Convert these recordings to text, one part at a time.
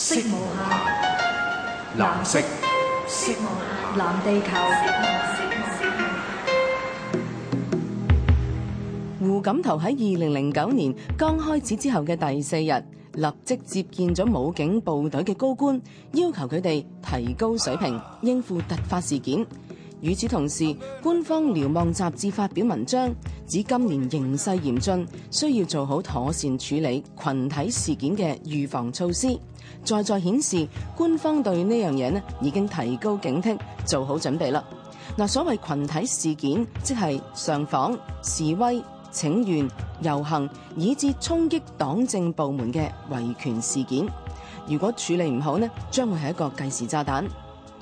色無限，藍色。色無限，藍地球。胡錦濤喺二零零九年剛開始之後嘅第四日，立即接見咗武警部隊嘅高官，要求佢哋提高水平，應付突發事件。與此同時，官方瞭望雜誌發表文章，指今年形勢嚴峻，需要做好妥善處理群體事件嘅預防措施。再再顯示，官方對呢樣嘢呢已經提高警惕，做好準備啦。嗱，所謂群體事件，即係上訪、示威、請願、遊行，以至衝擊黨政部門嘅維權事件。如果處理唔好呢，將會係一個計時炸彈。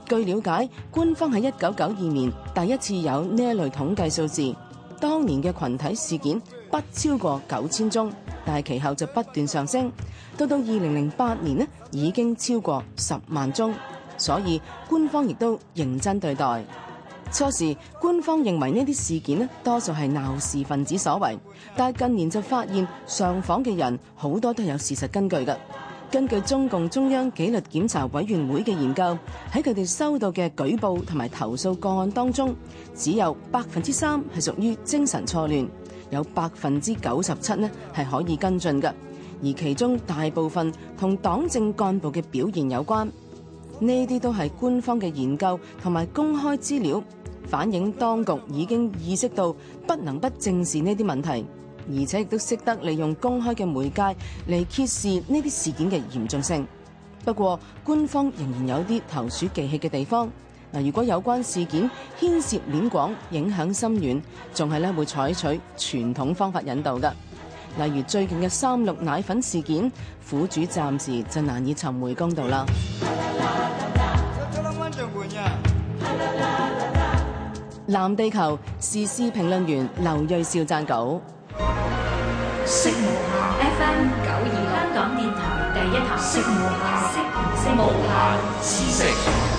據了解，官方喺一九九二年第一次有呢一類統計數字，當年嘅群體事件不超過九千宗，但係其後就不斷上升，到到二零零八年呢已經超過十萬宗，所以官方亦都認真對待。初時官方認為呢啲事件呢多數係鬧事分子所為，但係近年就發現上訪嘅人好多都有事實根據嘅。根據中共中央紀律檢查委員會嘅研究，喺佢哋收到嘅舉報同埋投訴個案當中，只有百分之三係屬於精神錯亂，有百分之九十七呢係可以跟進㗎，而其中大部分同黨政幹部嘅表現有關。呢啲都係官方嘅研究同埋公開資料，反映當局已經意識到不能不正視呢啲問題。而且亦都識得利用公開嘅媒介嚟揭示呢啲事件嘅嚴重性。不過，官方仍然有啲投鼠忌器嘅地方。嗱，如果有關事件牽涉面廣，影響深遠，仲係咧會採取傳統方法引導㗎。例如最近嘅三鹿奶粉事件，苦主暫時就難以尋回公道啦。藍地球時事評論員劉銳紹撰稿。識無限 FM 92香港電台第一台識無限。